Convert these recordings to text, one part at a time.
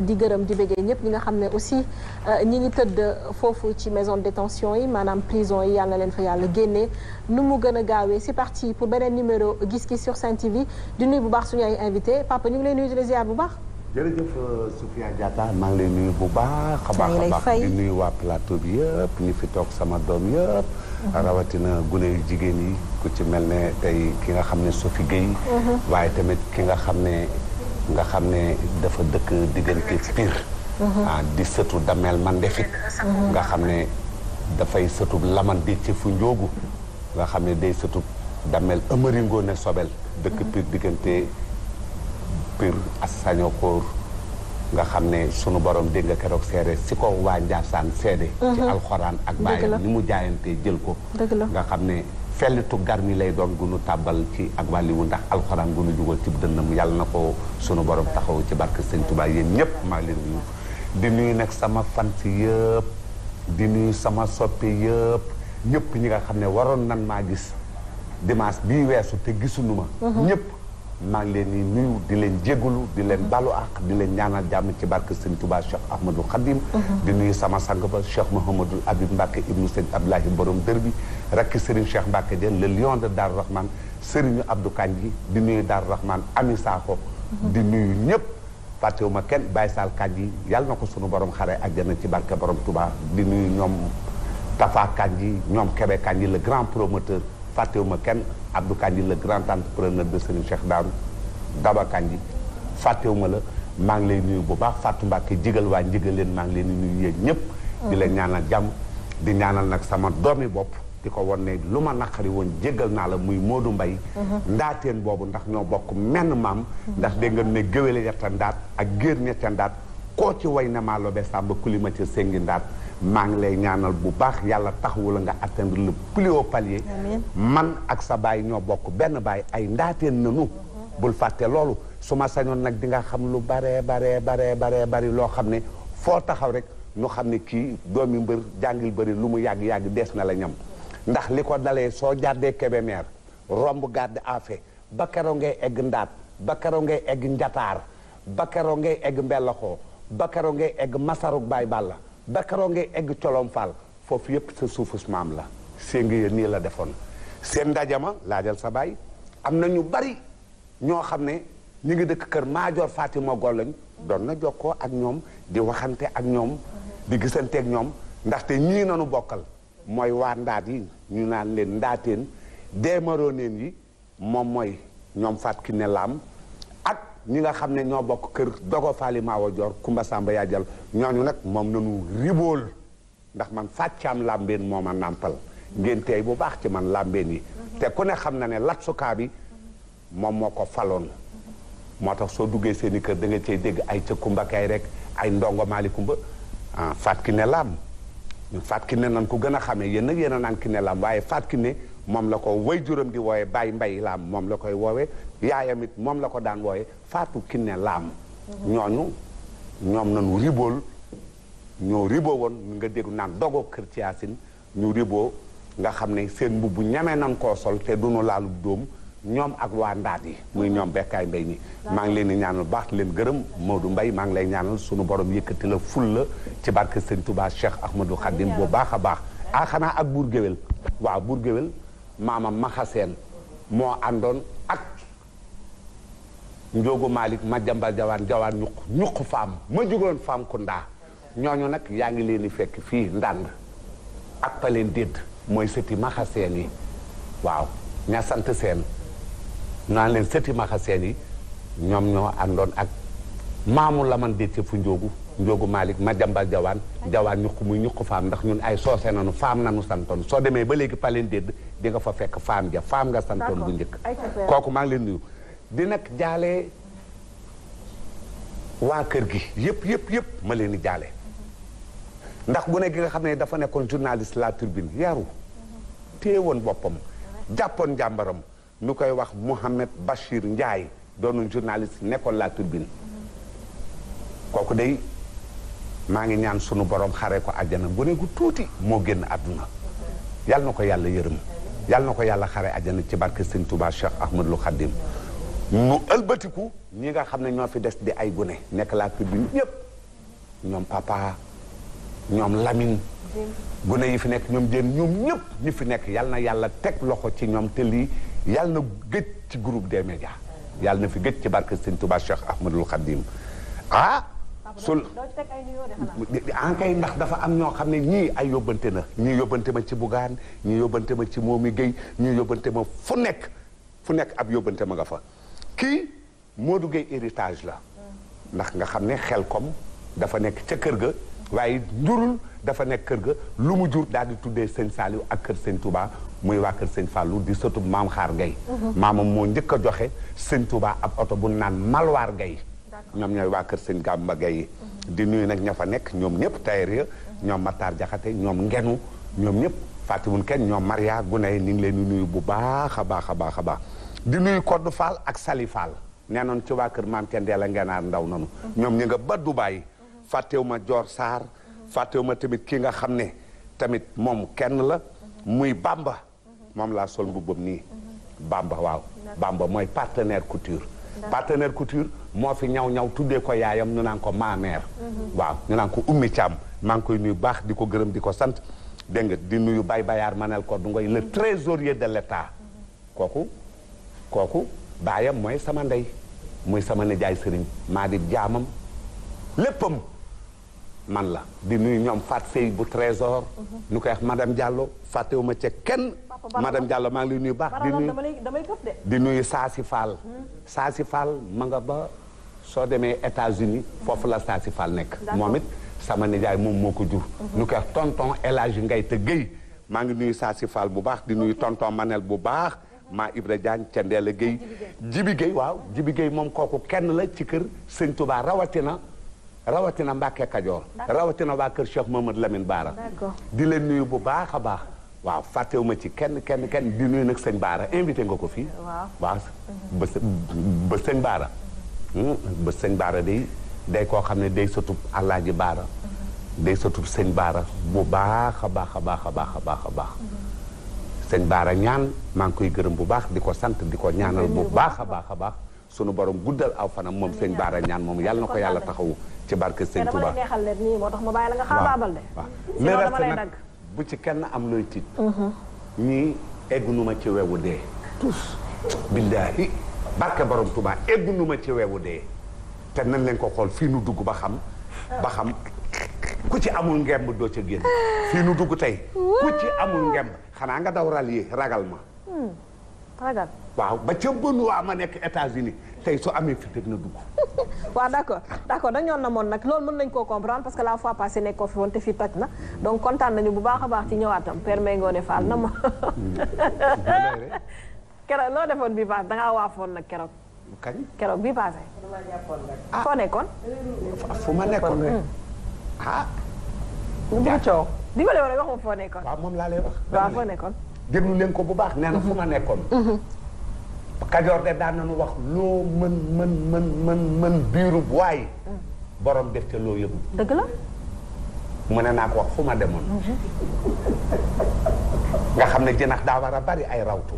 di gërëm di bëggee ñëpp ñi nga xam ne aussi euh, ñi ngi tëdd foofu ci maison de détention yi maanaam prison yi yàlla na leen fa yàlla génnee nu mu gën a gaawee c'est parti pour beneen numéro gis-gis sur Sen TV di nuyu bu baax suñu ay invité papa ñu ngi lay nuyu di la ziar bu baax. jërëjëf euh, nuyu bu baax a baax a baax di nuyu waa plateau bi yëpp ñu fi toog sama doom yëpp mhm. rawatina gune yu jigéen yi ku ci mel ne tey ki nga xam ne Sophie Gueye mhm. waaye tamit ki nga xam ne nga xam ne dafa dëkk diggante pire. Mhm. ah di sëtu dameel man defit mhm. nga xam ne dafay sëtu laman di ci fu njoogu nga xam ne day sëtub dameel ëmëri ngoone sobel dëkk mhm. pire diggante pire ak sañokoor nga xam ne sunu boroom dégg nga keroog seede si ko waa Njaasaan seede ci alxoraan ak bàyyam ni mu jaayantee jël ko nga xam ne fellitu garmi lay doon nu tàbbal ci ak wàlliwu ndax alxuraan gunu jugal ci dënnam yàlla na ko sunu boroom taxaw ci barke sëñ Tuubaa yéen ñëpp maa leen nuyu di nuyu nag sama fans yëpp di sama soppe yëpp ñëpp ñi nga xam ne waroon nan maa gis dimanche bii weesu te gisunu ma mhm. ñëpp maa leen di nuyu di leen jégalu di leen balu ak di leen ñaanal jàmm ci barke Sëñ Touba Cheikh Ahmadou Khadim mhm. di nuyu sama sang ba Cheikh Mouhamadou Habib Mbacke ibnu Sëñ Abdoulahi borom dër bi rakki Serigne Cheikh Mbacke Diène le lion de Darou Rahman Serigne Abdou Kandji di nuyu Darou Rahman Ami saako mhm. di nuyu ñëpp fàttewuma kenn Baye Sall Kandji yàlla na ko sunu borom xare àjjana ci barke borom Touba di nuyu ñoom Tafa Kandji ñoom Kébé Kandji le grand promoteur fàttewuma kenn Abdou Kandji le grand entrepreneur de Serigne Cheikh Daaru Daba Kandji fàttewuma la maa ngi lay nuyu bu baax Fatou Mbacke jigal waa njigal leen maa ngi leen di nuyu yéen ñëpp di la ñaanal jàmm di ñaanal nag sama doomi bopp di ko won ne lu ma naqari woon jéggal naa la muy Modou mbay mhm. ndaateen boobu ndax ñoo bokk menn maam ndax dégg nga ne géwél ñetta ndaat ak géer ñetta ndaat koo ci way na maa lobe sàmba kulimati sengi ndaat maa ngi lay ñaanal bu baax yàlla taxawula la nga atteindre le plus haut palier man ak sa baay ñoo bokk benn baay ay ndaateen nanu bul fàtte loolu su ma sañoon nag di nga xam lu baree baree baree baree bari loo xam ne foo taxaw rek nu xam ne kii doomi mbër jàngil bëri lu mu yàgg-yàgg dees na la ñam ndax li ko dalee soo jàddee Kébémer romb garde afe ba keroo ngay egg ndaat ba keroo ngay egg njataar ba keroo ngay egg ba keroog ngay egg masarug baay bàlla la keroog ngay egg colom faal foofu yépp sa suufu maam la séengi yéen nii la defoon seen ndajama laajal sa baay am na ñu bari ñoo xam ne ñu ngi dëkk kër maajoor Fatima Goloñ doon na jokkoo ak ñoom di waxante ak ñoom di gisante ak ñoom ndaxte ñii nanu bokkal mooy waa ndaat yi ñu naan leen ndaateen deemarooneen yi moom mooy ñoom faat ki ne laam ñi nga xam ne ñoo bokk kër dogo faali joor kumba samba yaa jal ñooñu nag moom nanu ribool ndax man fàccaam làmbeen moo ma nàmpal ngeen tey bu baax ci man làmbeen yi te ku ne xam na ne latsukaa bi moom moo ko faloon moo tax soo duggee seen i kër da nga dégg ay ca kumba kay rek ay ndongo maali kumba ah faat ki ne laam ñun faat ki ne nan ko gën a xamee yenn nag a naan ki ne laam waaye faat ki ne moom la ko woy juróom di wooye baay Mbay Laam moom la koy woowee yaayam it moom la ko daan wooye Faatu Kinne Laam mhm. ñooñu ñoom nanu ribool ñoo riboo woon nga dégg naan dogo kër ci yaasin ñu riboo nga xam ne seen mbubb ñamee nan koo sol te du dunu laalu dóom ñoom ak waa ndaat yi muy ñoom bekkaay mbay ñi maa ngi leen di ñaanal baax leen gërëm Modou Mbay maa ngi lay ñaanal sunu borom yëkkati la ful la ci barke sëñ Touba Cheikh Ahmadou Khadim bu baax a baax ah ak buur géwél waaw buur géwél maamam maxaseen moo àndoon ak njóogu Malick ma jambal jawaan jawaan ñuq ñuq faam ma jugoon faam ku ndaa ñooñu nag yaa ngi leen di fekk fii ndànd ak paleen dédd mooy sëti maxaseen yi waaw ña sant seen naan leen sëti maxaseen yi ñoom ñoo àndoon ak maamu laman décce fu njoogu Njóogu Malick ma jambal jawaan jawaan ñuq muy ñuq faam ndax ñun ay soose nanu faam nanu santoon soo demee ba léegi paleen dédd di nga fa fekk faam ja faam nga santoon bu njëkk kooku maa ngi leen nuyu di nag jaale waa kër gi yëpp yëpp yëpp ma leen di jaale ndax gune gi nga xam ne dafa nekkoon journaliste la tribune yaru téye woon boppam jàppoon njàmbaram ñu koy wax Mouhamed Bachir Ndiaye doonu journaliste nekkoon la tribune kooku day maa ngi ñaan sunu borom xaree ko àjjana gone gu tuuti moo génn àdduna yal na ko yàlla yërëm yal na ko yàlla xare àjjana ci barke sëñ Touba Cheikh Ahmadou Khadim mu ëlbatiku ñi nga xam ne ñoo fi des di ay gune nekk laa tudd ñëpp ñoom papa ñoom Lamine gune yi fi nekk ñoom jën ñoom ñëpp ñi fi nekk yal na yàlla teg loxo ci ñoom te yal na gëj ci groupe des médias yal na fi gëj ci barke sëñ Touba Cheikh Ahmadou su en ah, kay ndax dafa am ñoo xam ne ñii ay yóbbante na ñii yóbbante ma ci bugaan ñii yóbbante ma ci moom moomi géy ñii yóbbante ma fu nekk fu nekk ab yóbbante ma nga fa kii moo duggee héritage la mm. ndax nga xam ne xel kom dafa nekk ca kër ga waaye njurul dafa nekk kër ga lu mu jur daal di tuddee sëñ Saliou ak kër sëñ Touba muy waa kër sëñ Fallou di sëtub maam xaar gay mm-hmm. maamam moo njëkk a joxe sëñ Touba ab oto bu naan malwaar gay ñoom ñooy waa kër sëñ Gamba mhm. di nuyu nag ña fa nekk ñoom ñëpp tailleur ya mhm. ñoom Matar Jaxate ñoom ngenu ñoom ñëpp fàttewuñ kenn ñoom Maria Gunaye ñu ngi leen di nuyu bu baax a baax a baax a baax di nuyu Koddu Fall ak Sali Fall nee ci waa kër maam Tendeela Ngenaar ndaw nanu mhm. ñoom ñu nga ba Dubaay fàttewu ma Joor saar fàttewu ma tamit ki nga xam ne tamit moom kenn la muy Bamba moom laa sol mbubbam nii Bamba waaw Bamba mooy partenaire couture partenaire couture moo fi ñaw ñaw tuddee ko yaayam nu naan ko ma waaw ñu naan ko ummi Thiam maa ngi koy nuyu baax di ko gërëm di ko sant dégg nga di nuyu Baye ma Manel ko du ngoy le trésorier de l'État kooku kooku baayam mooy sama ndey muy sama nijaay sëriñ maa di jaamam léppam man la di nuyu ñoom Fat Sey bu trésor mhm. ñu koy wax madame Diallo fàttewuma ca kenn madame Diallo maa ngi lay nuyu baax di nuyu di nuyu Saasi Fall mhm. Saasi Fall ma nga ba soo demee États-Unis mhm. foofu la Saasi Fall nekk moom it sama nijaay moom moo ko jur nu koy wax tonton El Ngay te Guèye maa ngi nuyu Saasi Fall bu baax di nuyu tonton Manel bu baax maa Ibra Diagne Thiendella Guèye Jibi Guèye waaw Jibi Guèye moom kooku kenn la ci kër Sëñ Tuubaa rawatina rawatina Mbàkke Kajoor rawatina waa kër Cheikh Mamadou Lamine Baara di leen nuyu bu baax a baax waaw fàttewu ma ci kenn kenn kenn di nuyu nag sëñ Baara invité nga ko fii waaw ba ba sëñ Baara hmm, ba sëñ Baara day koo xam ne day satub Alaaji Baara day satub sëñ Baara bu baax a baax a baax a baax a baax a baax sëñ Baara ñaan maa ngi koy gërëm bu baax di ko sant di ko ñaanal bu baax a baax a baax sunu borom guddal aw fanam moom sëñ Baara ñaan moom yàlla na ko yàlla taxawu ci barke Sëñ Touba mais reste nag bu ci kenn am looy tiit ñii mhm. eggunu ma ci wewu dee tous billaahi barke borom Touba eggunu ma ci wewu dee te nañ leen ko xool fii nu ba xam ba xam ku ci amul ngemb doo ca génn fii nu dugg tey ku ci amul ngemb xanaa nga daw ral yi ragal ma hmm. ragal waaw ba ca bënu waa ma nekk États-Unis tey su amee fi teg na dugg waaw d'accord d'accord dañoo na moon nag loolu mën nañ koo comprendre parce que la fois passée nekkoo fi woon te fii toj na donc kontaan nañu bu baax a baax ci ñëwaatam Père Mbaye Ngoné na ma keroog loo defoon bii passé dangaa waafoon nag keroog kañ keroog bii passé ah. foo nekkoon fu ma nekkoon rek mm. ah bu coow di ma lay wax ma foo nekkoon waaw moom laa lay wax waaw foo nekkoon déglu leen ko bu baax nee na fu ma nekkoon mm-hmm. kajoor de daan nañu wax lu mën mën mën mën mën biiru waaye borom def ca loo yëgu dëgg la mën na naa fu ma demoon mhm. nga xam ne jinax daa war a bari ay rawtu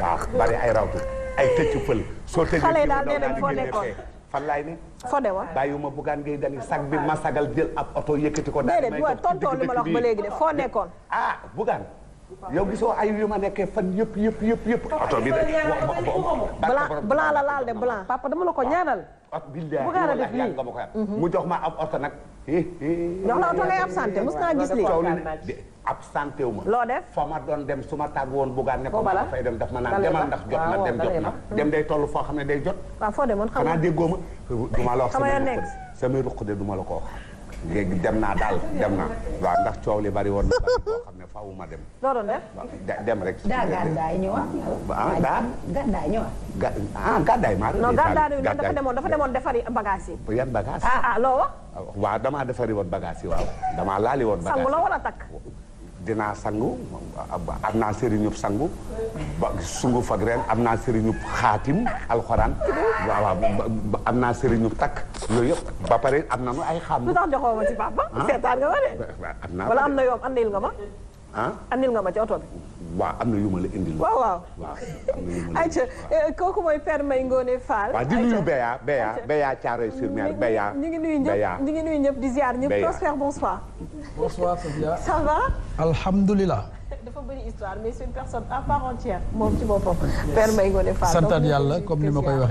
waaw bari ay rawtu ay tëcc fël soo tëjee xale daal nee nañ foo nekkoon fan laay ne foo de wa bàyyiwuma buggaan ngay dali sag bi ma sagal jël ab oto yëkkati ko daal déedéet tontoon li ma la wax ba léegi de foo nekkoon ah buggaan yow gisoo ay yu ma nekkee fan yëpp yëpp yëpp yëpp. oto bi de balaa balaa la laal de balaa. papa dama la ko ñaanal. bu mhm. mu jox ma ab oto nag. jox la oto ngay absenté mos naa gis lii. absenté wu ma. loo def fa ma doon dem su ma tàgg woon bu gaar ne ko ma fay dem daf ma naan demal ndax jot na dem jot na. dem day toll foo xam ne day jot. waaw foo demoon xam nga xanaa déggoo ma. du ma la wax la ko wax. léegi dem naa daal dem na waaw ndax coow li bari woon na bari boo xam ne faaw ma dem. loo doon dem rek. daa gàddaay ñëwaat. ah daa gàddaay ñëwaat. ga ah gàddaay maa. non gàddaay dafa demoon dafa demoon defari bagage yi. yan bagage ah ah loo wax. waaw damaa defari woon bagage yi waaw damaa laali woon bagage yi. sangu la wala takk. dinaa sangu am naa sëriñub sangu ba sungu fag reen am naa sëriñub xaatim alxuraan waaw am naa sëriñub takk yooyu yëpp ba pare am na nu ay xam lu tax joxoo ma ci papa ah? seetaan nga ma de wala am na yoom andil nga ma ah? andil nga ma ci oto bi waaw am na yu ma la indil. waaw waaw waaw am na yu ma la indil. ayca eh, kooku mooy Père Mbaye Ngone Fall. waaw di nuyu Beya Beya Beya Thiaroye sur Mer Beya. ñu ngi nuyu ñëpp ñu ngi nuyu ñëpp di ziar ñëpp. Prospère bonsoir. bonsoir Sofia. ça va. alhamdulilah. dafa bëri histoire mais c'est une personne à part entière moom ci boppam. Père Mbaye Ngone Fall. santaat yàlla comme ni ma koy waxee.